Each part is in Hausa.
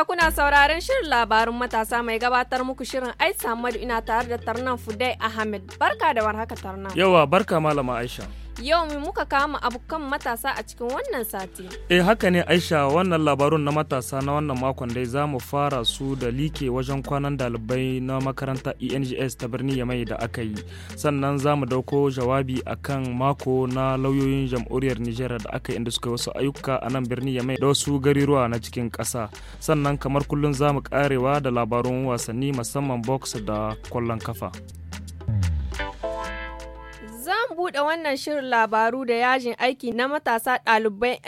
kuna sauraron shirin labarun matasa mai gabatar muku shirin Aisha Ahmad ina tare da Tarnan Fudai Ahmed. Barka da warhaka Tarnan. Yawa barka Malama Aisha. Yau mu muka kama abokan matasa a cikin wannan sati. E haka ne Aisha wannan labarun na matasa na wannan makon dai za mu fara su da like wajen kwanan dalibai na makaranta ENGS ta birni Yamai da aka yi. Sannan za mu dauko jawabi akan mako na lauyoyin jam'uriyar Nijar da aka inda suka wasu ayyuka a nan birni Yamai da wasu gariruwa na cikin ƙasa. Sannan kamar kullum za mu karewa da labarun wasanni musamman box da kwallon kafa. mu buɗe wannan shirin labaru da yajin aiki na matasa ɗalibai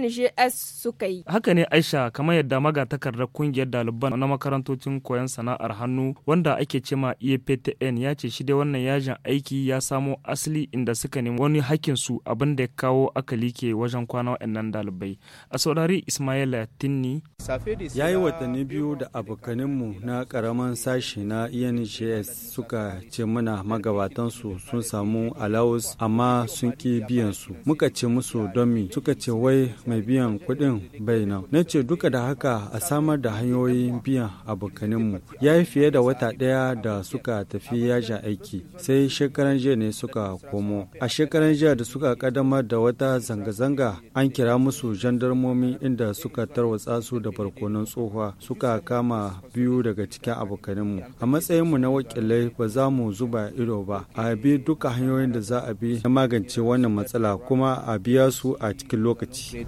NENJS suka yi. Haka ne Aisha kamar yadda magatakardar kungiyar ɗaliban na makarantocin koyon sana'ar hannu wanda ake cema EPTN ya ce shi dai wannan yajin aiki ya samo asali inda suka nemi wani hakkin su abin da ya kawo akali ke wajen kwana wa'annan ɗalibai. A saurari Ismail Tinni. Ya yi watanni biyu da abokaninmu na ƙaramin sashi na ENJS suka ce mana magabatansu sun samu a laos amma sun ki biyan su muka ce musu domi suka ce wai mai biyan kuɗin bai nan na ce duka da haka a samar da hanyoyin biyan abokanin ya yi fiye da wata ɗaya da suka tafi yajin aiki sai shekaran jiya ne suka komo a shekaran jiya da suka kadamar da wata zanga-zanga an kira musu jandarmomi inda suka tarwatsa su da barkonon tsohuwa suka kama biyu daga cikin abokaninmu a matsayinmu na wakilai ba za mu zuba ido ba a bi duka hanyoyin hanyoyin da za a bi na magance wannan matsala kuma a biya su a cikin lokaci.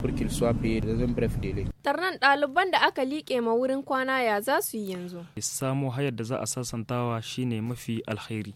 Tarnan ɗaliban da aka liƙe ma wurin kwana ya za su yi yanzu? Samo hayar da za a sasantawa shine mafi alkhairi.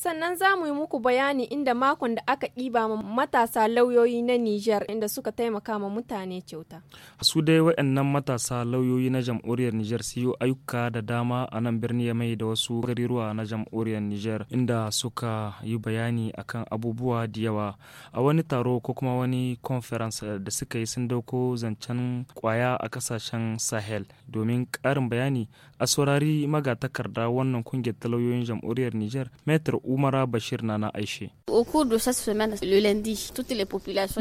Sannan za mu yi muku bayani inda makon da aka ɗiba ma matasa lauyoyi na Nijar inda suka taimaka ma mutane kyauta. Su dai waɗannan matasa lauyoyi na jam'uriyar Nijar su yi ayyuka da dama a nan birni ya mai da wasu garuruwa na jam'uriyar Nijar inda suka yi bayani akan abubuwa da yawa. A wani taro ko kuma wani conference da suka yi sun dauko zancen kwaya a kasashen Sahel domin ƙarin bayani a saurari magatakarda wannan kungiyar talauyoyin jam'uriyar Nijar Metro Umara Bashir na Nana Aishe.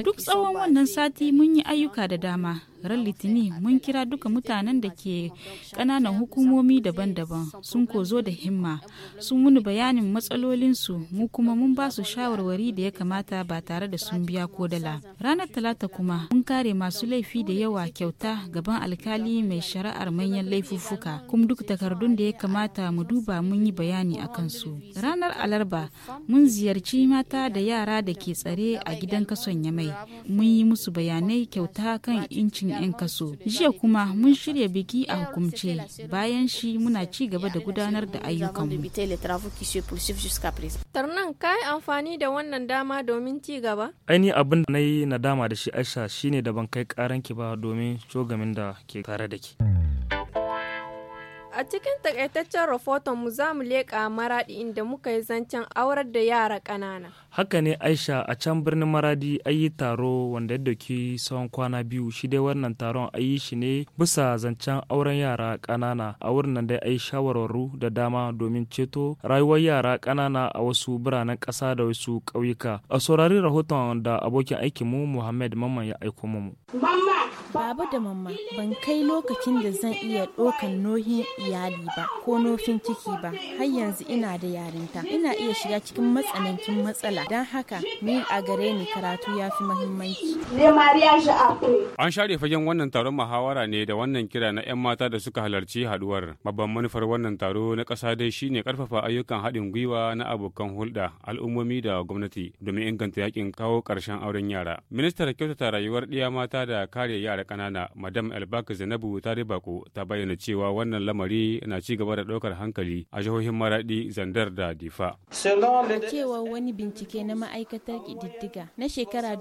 Duk tsawon wannan sati mun yi ayyuka da dama ran litinin mun kira duka mutanen da ke ƙananan hukumomi daban-daban sun kozo da himma sun wuni bayanin matsalolinsu mu kuma mun ba su shawarwari da ya kamata ba tare da sun biya ko dala ranar talata kuma mun kare masu laifi da yawa kyauta gaban alkali mai shari'ar manyan laifuffuka kuma duk takardun da ya kamata mu duba mun yi bayani a kansu ranar alarba mun ziyarci mata da yara da ke tsare a gidan kason yamai mun yi musu bayanai kyauta kan incin aikin 'yan kaso jiya kuma mun shirya biki a hukumce bayan shi muna ci gaba da gudanar da ayyukanmu tarnan ka yi amfani da wannan dama domin ci gaba aini abin da na yi nadama da shi aisha shine da ban kai karanki ba domin shugamin da ke tare da ke A cikin takaitaccen rahoton mu za mu leƙa maradi inda muka yi zancen aurar da yara ƙanana. Haka ne Aisha a can birnin maradi an yi taro wanda ya doki tsawon kwana biyu shi dai wannan taron an yi shi ne bisa zancen auren yara ƙanana a wurin nan dai a yi shawararru da dama domin ceto rayuwar yara ƙanana a wasu biranen ƙasa da wasu ƙauyuka. A saurari rahoton da abokin aikinmu Muhammad Mamman ya aiko mu. Mamman! Baba da mamma ban kai lokacin da zan iya ɗaukan nohin iyali ba ko nofin ciki ba har yanzu ina da yarinta ina iya shiga cikin matsanancin matsala don haka ni a gare ni karatu ya fi mahimmanci. An share fagen wannan taron muhawara ne da wannan kira na 'yan mata da suka halarci haduwar. Babban manufar wannan taro na ƙasa dai shine karfafa ayyukan haɗin gwiwa na abokan hulɗa al'ummomi da gwamnati domin inganta yakin kawo ƙarshen auren yara. Ministar kyautata rayuwar ɗiya mata da kare yara yara ƙanana madam elbak zainabu tare bako ta bayyana cewa wannan lamari na ci gaba da ɗaukar hankali a jihohin maraɗi zandar da difa cewa wani bincike na ma'aikatar ƙididdiga na shekara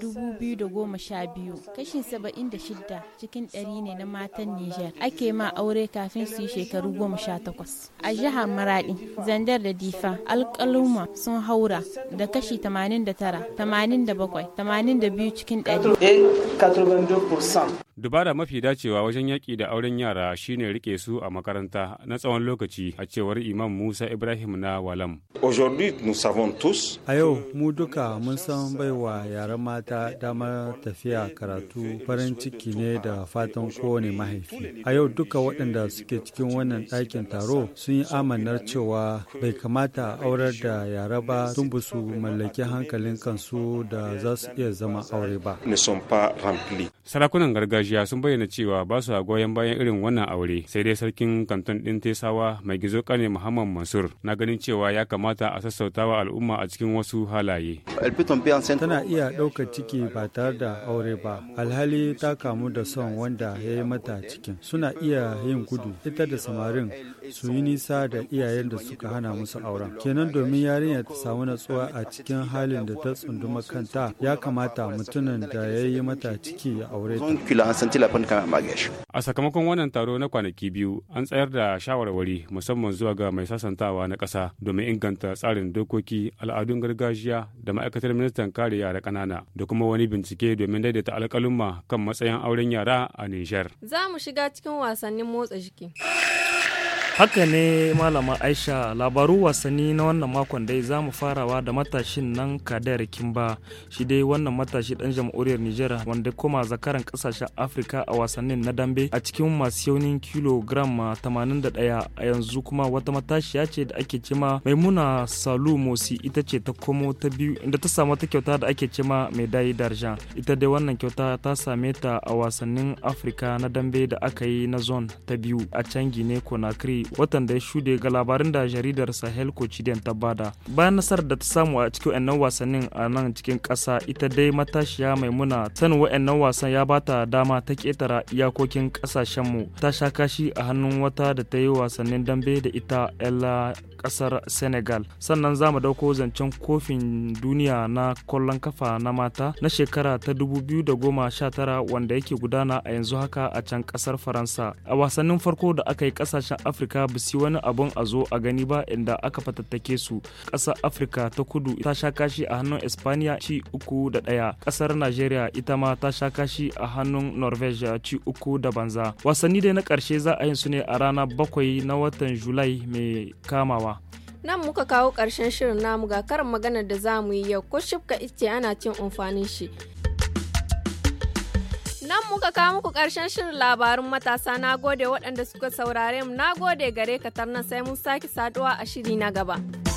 biyu kashin 76 cikin ɗari ne na matan niger ake ma aure kafin su yi shekaru takwas a jihar maraɗi zandar da difa alkaluma sun haura da kashi 89 87 cikin Dubara mafi dacewa wajen yaƙi da auren yara shine rike su a makaranta na tsawon lokaci a cewar Imam Musa Ibrahim na Walam. A yau mu duka mun san baiwa yaran mata damar tafiya karatu farin ciki ne da fatan kowane mahaifi. A yau duka waɗanda suke cikin wannan ɗakin taro sun yi amanar cewa bai kamata a aurar da yara ba tun ba su mallaki hankalin kansu da za su iya zama aure ba. Sarakunan gargajiya sun bayyana cewa ba su a goyon bayan irin wannan aure sai dai sarkin kanton ɗin Tesawa mai gizo kane Muhammad Mansur na ganin cewa ya kamata a sassautawa al'umma a cikin wasu halaye. Tana iya ɗaukar ciki ba tare da aure ba alhali ta kamu da son wanda ya yi mata cikin suna iya yin gudu ita da samarin su yi nisa da iyayen da suka hana musu auren kenan domin yarinya ta samu natsuwa a cikin halin da ta tsunduma kanta ya kamata mutumin da ya yi mata ciki ya aure a sakamakon wannan taro na kwanaki biyu an tsayar da shawarwari musamman zuwa ga mai sasantawa na ƙasa domin inganta tsarin dokoki al'adun gargajiya da ma'aikatar ministan kare yara ƙanana da kuma wani bincike domin daidaita alƙalumma kan matsayin auren yara a nijar za mu shiga cikin wasannin motsa jiki Haka ne Malama Aisha labaru wasanni na wannan makon dai za mu farawa da matashin nan Kader Kimba shi dai wannan matashi dan jamhuriyar Nijar wanda koma zakaran kasashen Afirka a wasannin na dambe a cikin masu yaunin kilogram 81 ah, a yanzu kuma wata matashiya ce da ake cema Maimuna Salu Mosi ita ce ta komo ta biyu inda ta samu ta kyauta da ake cema dayi darja ita dai wannan kyauta ta same ta a wasannin Afirka na dambe da aka yi na zone ta biyu a can gine Conakry watan da ya shuɗe ga labarin da jaridar Sahel Cochidian ta bada. Bayan nasarar da ta samu a cikin wa'annan wasannin a nan cikin ƙasa ita dai matashiya mai Maimuna sanin wa'annan wasan ya bata dama ta ƙetara iyakokin ƙasashenmu ta sha kashi a hannun wata da ta yi wasannin dambe da ita ella ƙasar Senegal. Sannan za mu dauko zancen kofin duniya na kwallon kafa na mata na shekara ta dubu biyu da goma sha tara. wanda yake gudana a yanzu haka a can ƙasar Faransa. A wasannin farko da aka yi ƙasashen Afirka afirka ba su wani abun a zo a gani ba inda aka fatattake su ƙasar afirka ta kudu ta sha kashi a hannun espanya ci uku da ɗaya ƙasar nigeria ita ma ta sha kashi a hannun norvegia ci uku da banza wasanni dai na ƙarshe za a yi su ne a rana bakwai na watan julai mai kamawa nan muka kawo ƙarshen shirin namu ga karin maganar da za mu yi yau ko shifka ice ana cin amfanin shi Nan muka kawo muku ƙarshen shirin labarun matasa na gode waɗanda suka saurare mu na gode gare ka tarnan sai mun sake saduwa a shiri na gaba.